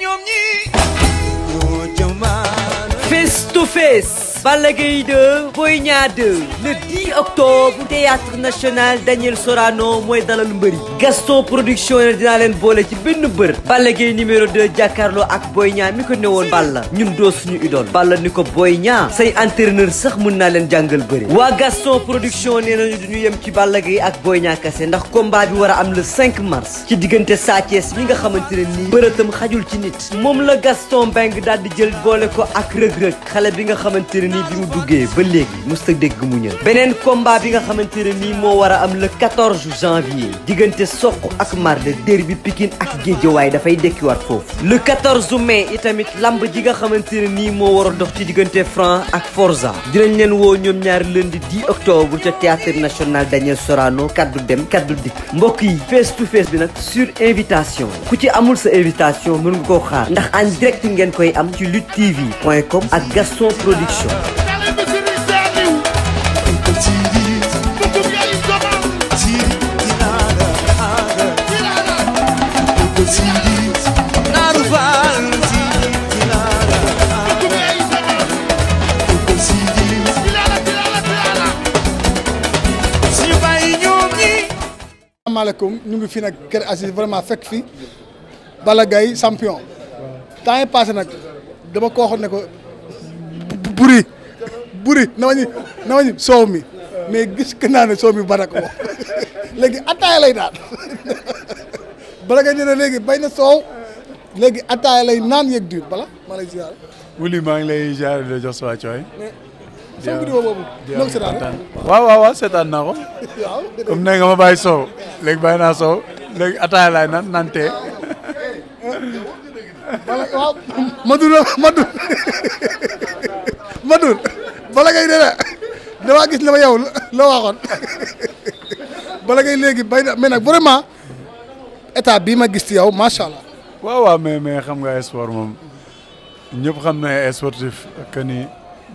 ñoom ñi face to face Balla Gaye 2 Boy Niang 2 le 10 octobre théâtre national Daniel Sorano mooy dalal mbëri Gaston production ne dinaa leen boole ci benn bër Balla Gaye numéro 2 jàkkaarloo ak Boy Niang mi ko newoon Balla ñun doo suñu idole Balla ni ko Boy ñaa say entraîneur sax mun naa leen jàngal bëri waa Gaston production nee nañu duñu yem ci Balla Gaye ak Boy ñaa kese ndax combat bi war a am la 5 mars ci diggante Sa Thiès mi nga xamante ne nii bërëtam xajul ci nit moom la Gaston Mbengue daal di jël boole ko ak nga xamante ne ni bi mu duggee ba léegi musta dégg mu ñëw beneen combat bi nga xamante ne nii moo war a am le 14 janvier diggante Sokh ak Marde derby Pikine ak waaye dafay dekkiwaat foofu le 14 mai itamit lamb ji nga xamante ne nii moo war a dox ci diggante Franc ak forsa dinañ leen woo ñoom ñaar lundi 10 octobre ca théâtre national Daniel Sorano kaddu dem kaddu dikk mbokk yi face to face bi nag sur invitation ku ci amul sa invitation mën nga koo xaar ndax en direct ngeen koy am ci lutte tv point com ak Gaston Production asalaamaaleykum ñu ngi fi nag Kër Aziz vraiment fekk fi Balla Gaye champion temps yi passé nag dama ko waxoon ne ko buri buri na soow mi mais gis que naa ne soow mi bara ko léegi attaaya lay naan Balla Gaye dina léegi bay na soow léegi attaaya lay naan yeeg diir bala maa lay maa ngi lay ziar di jox sa wàccuwaay sama vidéo boobu donc seetaan ne nga ma bàyyi soow léegi bàyyi naa soow léegi ataaya laay naan naan tee waaw Madour Madour Madour gis la ma yow la waxoon bala ngay léegi bay na mais nag vraiment état bii ma gis ci yow macha allah waaw waaw mais xam nga sport moom ñëpp xam na sportif que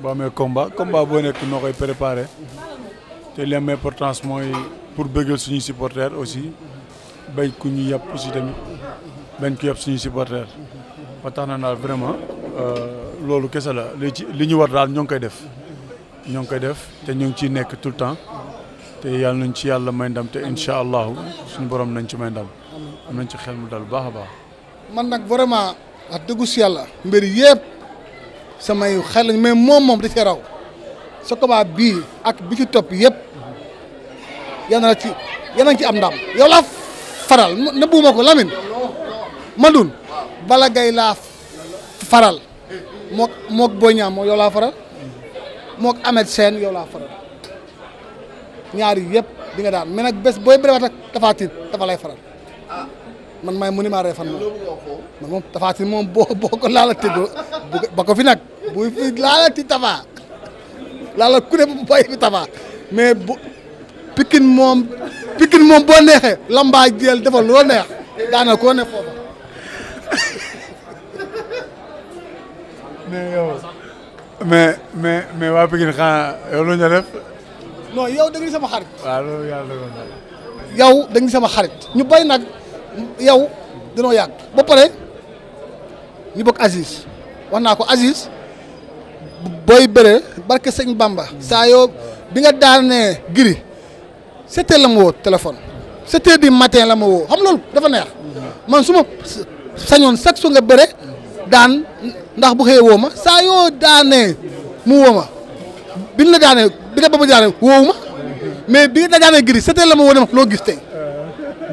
boo amee combat combat boo nekk noo koy préparé te li am importance mooy pour bëggal suñu supporter aussi bañ ku ñu yàpp aussi tamit bañ ku yàpp suñu supporter ba tax na daal vraiment euh, loolu kese la li li ñu war daal ñoo ngi koy def ñoo ngi koy def te ñu ngi ciy nekk tout le temps te yàlla nañ ci yàlla may ndam te incha allahu suñu borom nañ ci may ndam am nañ ci xel mu dal baax a baax. man nag vraiment wax dëggu si yàlla. mbir yëpp samay xel lañ mais moom moom da cee raw sa combat bii ak bi ci topp yëpp yal na ci yal na ci am ndam yow laa faral na ko Lamine Madoune Balla Gaye laa faral mook mook Boy Niang moo yow laa faral mook Ahmed Sène yow laa faral ñaari yëpp di nga daan mais nag bés booy bëriwaat ak Tapha Tine dafa lay faral man maay monument Refane moom man moom Tapha moom boo boo ko laalati ba ko fi nag bu fi laalati Tapha laala ku ne fi Tapha mais bu Pikine moom Pikine moom boo neexee lambaa jël defal loo neex daana koo ne foofa mais yow mais mais mais waa Pikine xanaa yow lu ñu def non yow da nga sama xarit waaw loolu yàlla da sama xarit ñu bay nag yow danoo yàgg ba pare ñu bokk Aziz wax naa ko Aziz booy bëre barke sëñ Bamba saa yoo bi nga daanee giri sept la mu woo téléphone sept heures du matin la ma woo xam loolu dafa neex man su ma sañoon chaque su nga bëre daan ndax bu xëyee woo ma saa yoo daanee mu woo ma bi ñu la daanee bi nga ba ma daanee woowu ma mais bi nga daanee giri sept la ma woo ne ma loo gis tey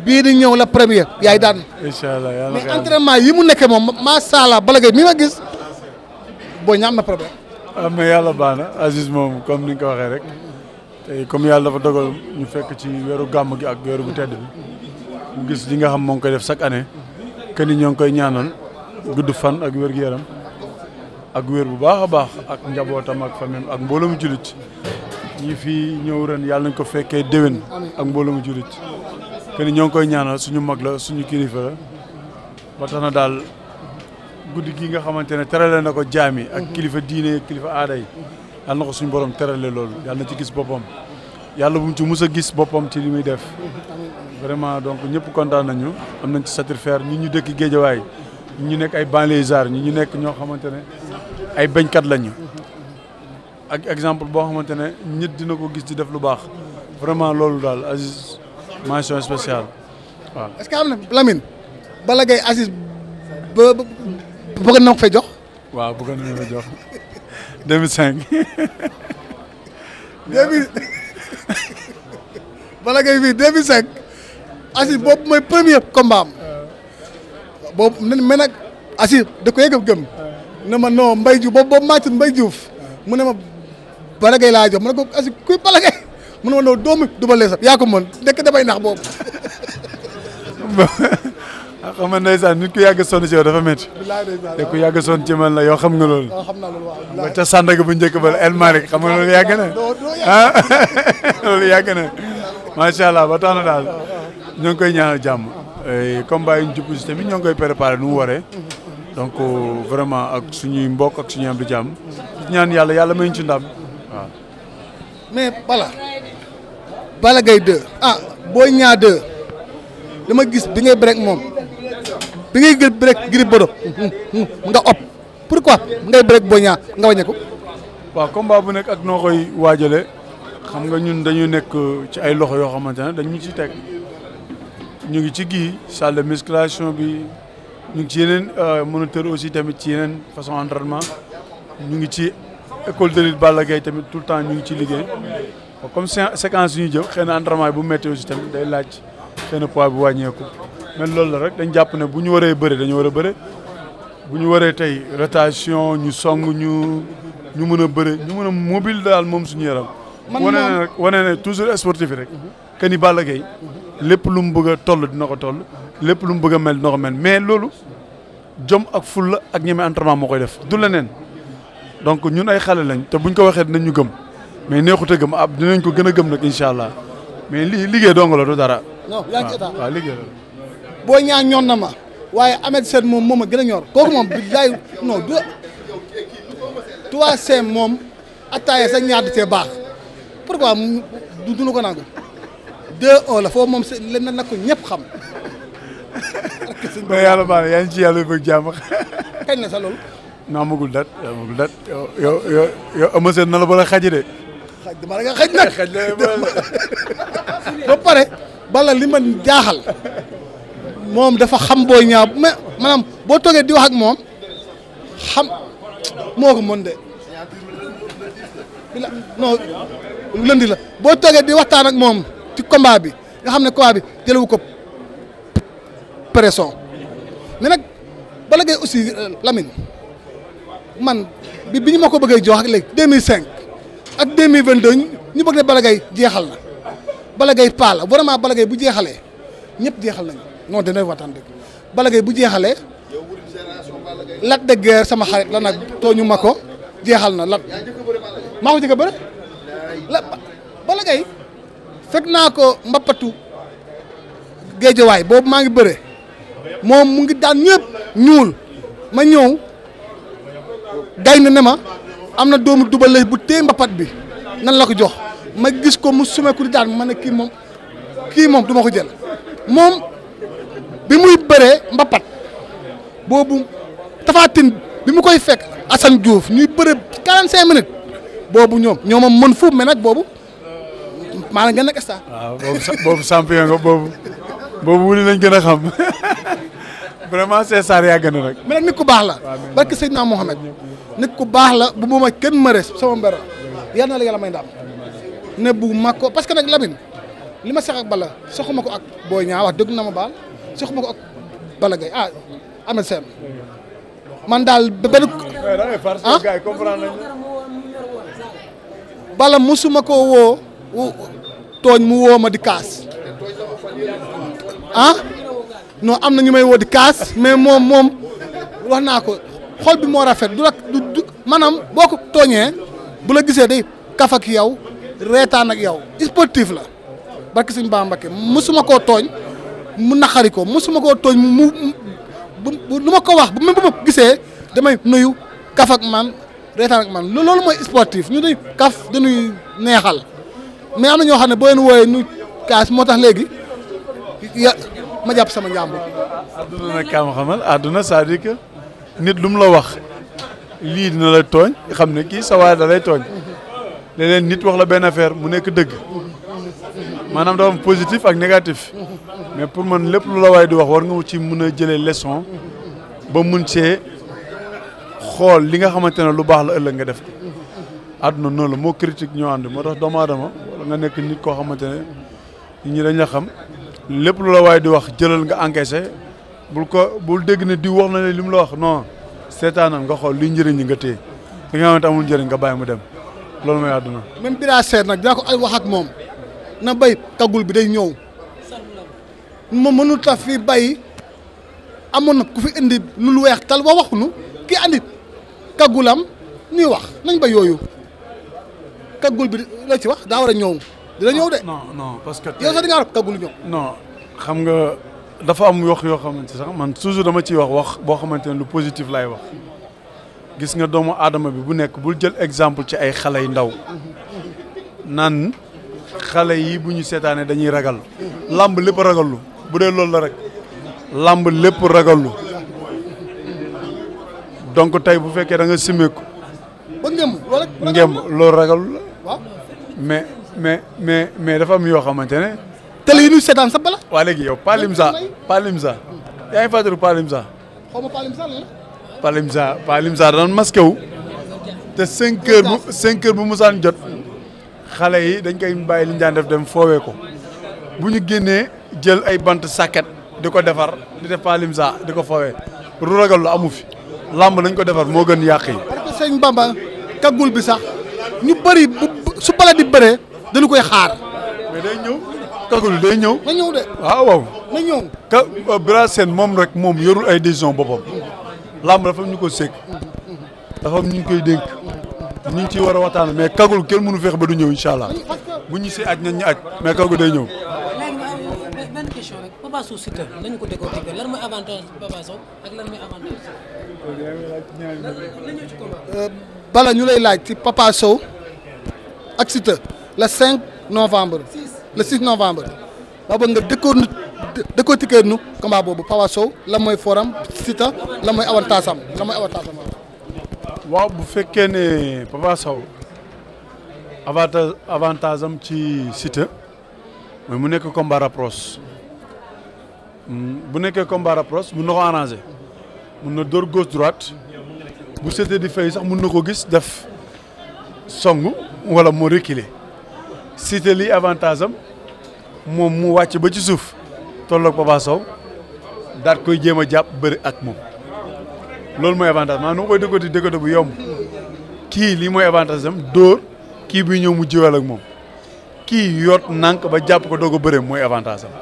bii di ñëw la premier yaay daan. incha allah yi mu nekkee moom macha allah Balla Gaye mi ma gis boo ñaam na problème. ah mais yàlla baax na Aziz moom comme ni nga ko waxee rek comme yàlla dafa dogal ñu fekk ci weeru gàmm gi ak weeru bu tedd bi ñu gis li nga xam moo ngi koy def chaque année que i ñoo ngi koy ñaanoon gudd fan ak wér gu yaram ak wér bu baax a baax ak njabootam ak famille ak mbooloo mu jullit ñi fi ñëw ren yàlla nañ ko fekkee déwén ak mbooloo mu jullit. que ñoo ngi koy ñaanal suñu mag la suñu kilifa la ba na daal guddi gi nga xamante ne terale na ko jaam yi ak mhm. kilifa diine kilifa aada yi yàlla na ko suñu borom terale loolu yàlla na ci gis boppam yàlla bu mu ci mus a gis boppam ci li muy def vraiment donc ñëpp kontaan nañu am nañ ci satisfaire ñi ñu dëkk géejawaay ñi ñu nekk ay banlieusards ñi ñu nekk ñoo xamante ne ay bañkat lañu ak exemple boo xamante ne nit dina ko gis di def lu baax vraiment loolu daal Aziz mention spéciale waaw. est-ce que am na Lamine. Balla Gaye Aziz ba ba bëgg na ko fay jox. waaw bëgg nañu ko boobu mooy premier combat am. boobu mais nag Aziz da ko yëgëb gëm. ne ma non Mbaye Diouf boobu boobu maa ci mu ne ma laa jox ma ne ko Aziz kuy Balla mu ne ma noonu doomu Double Less yaa ko mën nekk damay nax boobu. xam nga ndeysaan nit ku yàgg sonn ci yow dafa métti. te ku yàgg sonn ci man la yow xam nga loolu. xam naa loolu waaw nga ca bu njëkk ba El Malick xam nga loolu yàgg na ah loolu yàgg na allah ba tax daal ñoo ngi koy ñaanal jàmm. Eh, combat yi ñu jublu si tamit ñoo ngi koy préparé nu mu waree. donc vraiment ak suñuy mbokk ak suñuy am di jàmm. ñaan yàlla yàlla may ñu ci ndam waaw. Balla Gaye 2 ah Boy Niang dama gis bi ngay break moom bi ngay gë break Gris Bordeaux nga op pourquoi ngay break Boy Niang nga wàññeeku. waaw combat bu nekk ak noo koy waajalee xam nga ñun dañu nekk ci ay loxo yoo xamante ne dañu ci teg ñu ngi ci gii salle de musculation bi ñu ngi ci yeneen euh, moniteur aussi tamit ci yeneen façon entraînement ñu ngi ci école de lutte Balla tamit tout le temps ñu ngi ci liggéey. comme séquence yu ñu jëm xëy na entraînement bu météo si tamit day laaj xëy na poids bi wàññeeku mais loolu la rek dañ jàpp ne bu ñu waree bëre dañu war a bëre bu ñu waree tey retation ñu song ñu ñu mën a bëre ñu mën a mobile daal moom suñu yaram. man wane ne wane ne toujours sportif rek. que ni Balla Gaye lépp lu mu bëgg a toll dina ko toll. lépp lu mu bëgg a mel dina ko mel mais loolu jom ak fulla ak ñeme entraînement moo koy def du leneen donc ñun ay xale lañ te buñ ko waxee dinañ ñu gëm. mais neexut a gëm ab dinañ ko gën a gëm nag incha allah mais li liggéey dong la du dara. non yaa ngi état waaw liggéey boo ñaan ñoon na ma waaye Ahmed Sène moom moom a gën a ñor kooku moom billaay non du trois cinq moom attaaya sa ñaar di see baax pourquoi ko nangu deux un la foofu moom s len ko ba yàlla baax na sa loolu naa magul dat yaa magul dat yow yow na la bala xaji de xaj dama la nga xaj nag xaj pare bala li ma jaaxal moom dafa xam booy ñaaw mais boo toogee di wax ak moom xam ko mën de bila non la boo toogee di waxtaan ak moom ci combat bi nga ne combat bi jëlewu ko pression mais nag Balla Gaye aussi euh, Lamine man bi bi ñu ma ko bëggee jox ak léegi 2005. deux mille vingt deux ñu bëgg ne Balla jeexal na Balla Gaye paa la bu jeexalee ñépp jeexal nañu non dinañ waxtaan dëgg Balla Gaye bu jeexalee. Lac de Guiers sama xarit la nag tooñu ma ko jeexal na lat maa ko jëkk a bëre fekk naa ko mbappatu géejawaay boobu maa ngi bëre moom mu ngi daan ñëpp ñuul ma ñëw gay na ne ma am na doomu dubal bu tee mbapat bi nan la ko jox ma gis ko mu sumeeku di daan ma ne kii moom kii moom du ma ko jël moom bi muy bëree mbapat boobu tafaatin bi mu koy fekk Assane Diouf ñuy bëre 45 minutes boobu ñoom ñoo ma mën fuuf mais boobu maa la gën a star. waaw ah, boobu boobu champion nga boobu boobu wuli lañ gën a xam vraiment César yaa gën a nag. mais nag ku baax la. barke Seydina Mohamed nit ku baax la bu boobaa kenn mërees sama mbéra. yal na la yàlla may ndam ne bu mag ko parce que nag Lamine li ma sax ak Balla soxuma ko ak booy Niang wax dëgg na ma baal soxuma ko ak Balla Gaye ah Amel Sène man daal benn eh, ah Balla mosuma ko woo tooñ mu woo ma di kaas ah non am na ñu may woo di kaas mais moom moom wax naa ko xol bi moo rafet du rak du maanaam boo ko tooñee bu la gisee day kaf ak yow reetaan ak yow sportif la barki suñ baa Mbakke mosuma koo tooñ mu naqari ko mosuma koo tooñ mu lu ma ko wax bu même bu ma gisee damay nuyu kaf man reetaan ak man loolu mooy sportif ñu dañuy kaf dañuy neexal mais am na ñoo xam ne boo leen wooyee ñu kaas moo tax léegi ya ma jàpp sama njàmbur. àdduna nag kaa àdduna cest à nit lu mu la wax. lii dina la tooñ xam ne kii sawaay da lay tooñ léeg nit wax la benn affaire mu nekk dëgg maanaam dafa am positif ak négatif mais pour man lépp lu la waaye di wax war nga ci mun a jëlee leçon ba mun see xool li nga xamante ne lu baax la ëllëg nga def ko àdduna moo critique ñoo ànd moo tax doomu aadama wala nga nekk nit koo xamante ne nit ñi dañ la xam lépp lu la waay di wax jëlal nga encaissé bul ko bul dégg di wax na ne li la wax noonu seetaanal nga xool luy njëriñ li nga téye li nga xamante amul njëriñ nga bàyyi mu dem loolu mooy àdduna même bira seet nag dinaa ko ay wax ak moom na bay tagul bi day ñëw moom mënul tax fii bay amoon na ku fi indi lu weex tal ba waxuñu kii andi kaggulam ñuy wax nañ ba yooyu kaggul bi la ci wax daa war a ñëw dina ñëw de ah, non non di nga war kaggul ñëw dafa am wax yoo xamante sax man toujours dama ciy wax wax boo xamante ne lu positif laay wax gis nga doomu aadama bi bu nekk bul jël exemple ci ay xale yu ndaw naan xale yi bu ñu seetaanee dañuy ragal làmb lépp ragallu bu dee loolu la rek làmb lépp ragallu donc tey bu fekkee da nga simeeku ba ngem wala loolu ragallu mais mais mais mais dafa am yoo xamante ne télé yi ñuy seetaan sa bala. waaw yow Palimsa Palimsa yaa ngi fàttali Palimsa. xaw ma Palimsa lan la. Palimsa bu 5 jot xale yi dañ koy bàyyi li ñu daan def dem foowee ko bu ñu génnee jël ay bant sàkket di ko defar di def Palimsa di ko foowee. ru ragal lu amu fi làmb lañ ko defar moo gën yàq yi. parce que sëñ Bamba bi sax ñu bëri bu su bala di bëree dañu koy xaar. mais day ñëw. kagul day ñëw. na ñëw de waaw ah, waaw. na ñëw ka euh, moom rek moom yoru ay décision boppam. làmb dafa am ñu ko sekk. dafa am ñu koy dénk. ñu ngi ciy war a waxtaan mais kago kenn mënu feex ba du ñëw incha bu ñu si aj nañ ñu mais kagul day ñëw. léegi ko décortiquer lan euh, bala ñu lay laaj ci Papa Sow ak Siteu le 5 novembre. le 6 novembre ba bëgg nga dëkkoon nu nu combat boobu Papa Sow la mooy foram sita la mooy avantage am la mooy avantage am waaw bu fekkee ne Papa avantage avantage am ci sita mooy mu nekk combat rapproche hmm, bu nekkee combat rapproche mun na ko arrangé mun na dóor gauche droite bu Siteu di fay sax mun na ko gis def song walla moo reculer cité li avantage am moom mu wàcc ba ci suuf tolloog Papa Sow daal koy jéem a jàpp bëri ak moom loolu mooy avantage maanaam nu koy dëkkati dëkkati bu yomb kii lii mooy avantage am dóor kii bi ñëw mu ji ak moom kii yot nànk ba jàpp ko doog a bëre mooy avantage am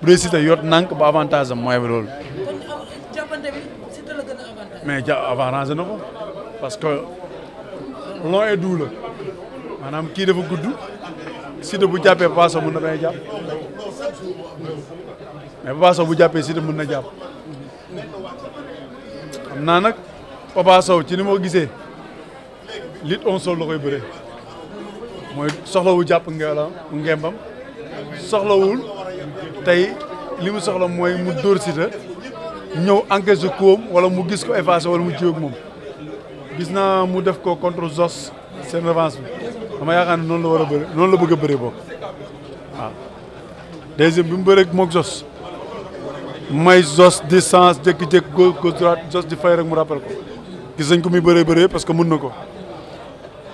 bu dee cité yot nànk ba avantage am mooy loolu. mais ja avantage na ko parce que long et doux la maanaam kii dafa gudd. Siteu bu jàppee Papa Sow na bañ a jàpp mais Papa bu jàppee Siteu mun na jàpp naa nag Papa Sow ci ni moo gisee lit on sol la koy bëree mooy soxlawul jàpp ngela ngembam soxlawul tey li mu soxla mooy mu dóor Siteu ñëw enquête su koom wala mu gis ko effacé wala mu jiw moom gis naa mu def ko contre Zos seen revanche dama yaakaar ne noonu la war a bëri noonu la bëgg a bëree bokk waaw deuxième bi mu bëreeg moog Zos may Zos di sens jékki-jékki gauche droite Zos di fay rek mu rappel ko gis nañ ko muy bëree bëree parce que mun na ko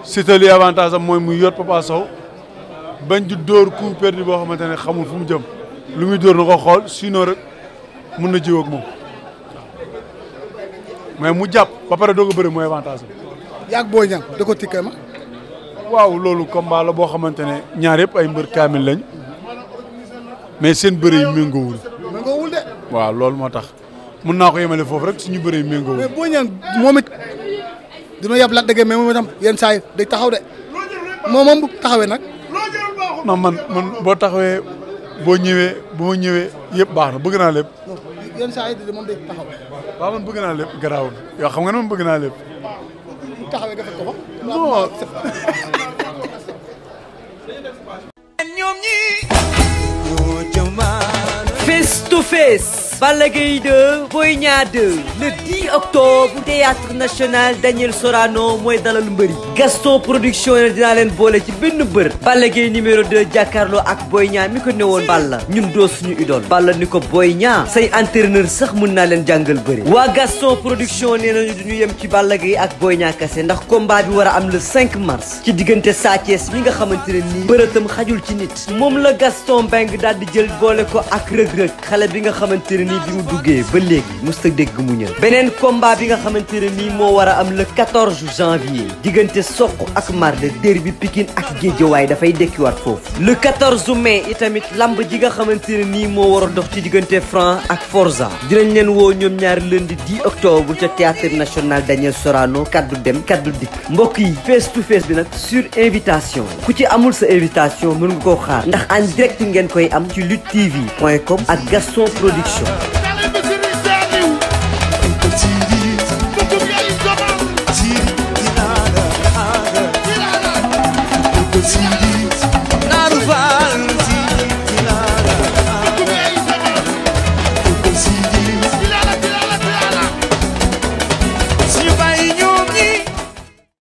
Siteu li avantage mooy muy yot Papa Sow bañ di dóor coup perdu boo xamante ne xamul fu mu jëm lu muy dóor na ko xool si rek mun na jiw ak moom mais mu jàpp ba pare doog a bëri mooy avantage am. yaa ngi booy ma. waaw loolu combat la boo xamante ne ñaar yëpp ay mbër kaamil lañ mais seen bëre yi méngoowul. méngoowul de. waaw loolu moo tax mën naa ko yemale foofu rek suñu bëre yi méngoowul. mais boo ñaan moom it dina yab Lac de moom itam saa yi taxaw de moom moom bu taxawee nag. man man boo taxawee boo ñëwee boo ñëwee yëpp baax na bëgg naa lépp. yenn saa yi moom man bëgg naa lépp garaawul yow xam nga ne man bëgg naa lépp. taxawee nga fekk ko fa. non. face Balla Gaye 2 Boy Niang le 10 octobre théâtre national Daniel Sorano mooy dalal mbëri Gaston production ne dinaa leen boole ci benn bër Balla Gaye numéro 2 jàkkaarloo ak Boy Niang mi ko newoon Balla ñun doo suñu idole Balla ni ko Boy Niang say entraîneur sax mun naa leen jàngal bëri waa Gaston production nee nañu duñu yem ci Balla Gaye ak Boy Niang kese ndax combat bi war a am le 5 mars ci diggante Sa Thiès mi nga xamante ne nii bërëtam xajul ci nit moom la Gaston Mbengue daal di jël boole ko ak rëg-rëg xale bi nga xamante ne nii bi mu duggee ba léegi musta dégg mu ñëw beneen combat bi nga xamante ne nii moo war a am le 14 janvier soq ak marde derby Pikine ak Guédiawaye dafay dekkiwaat foofu le 14 mai itamit lamb ji nga xamante ne nii moo war a dox ci diggante Franc ak Forza dinañ leen woo ñoom ñaar lundi 10 octobre ca théâtre national Daniel Sorano kaddu dem kaddu dikk mbokk yi face to face bi nag sur invitation ku ci amul sa invitation mën nga koo xaar ndax en direct ngeen koy am ci lutte tv point com ak Gaston Production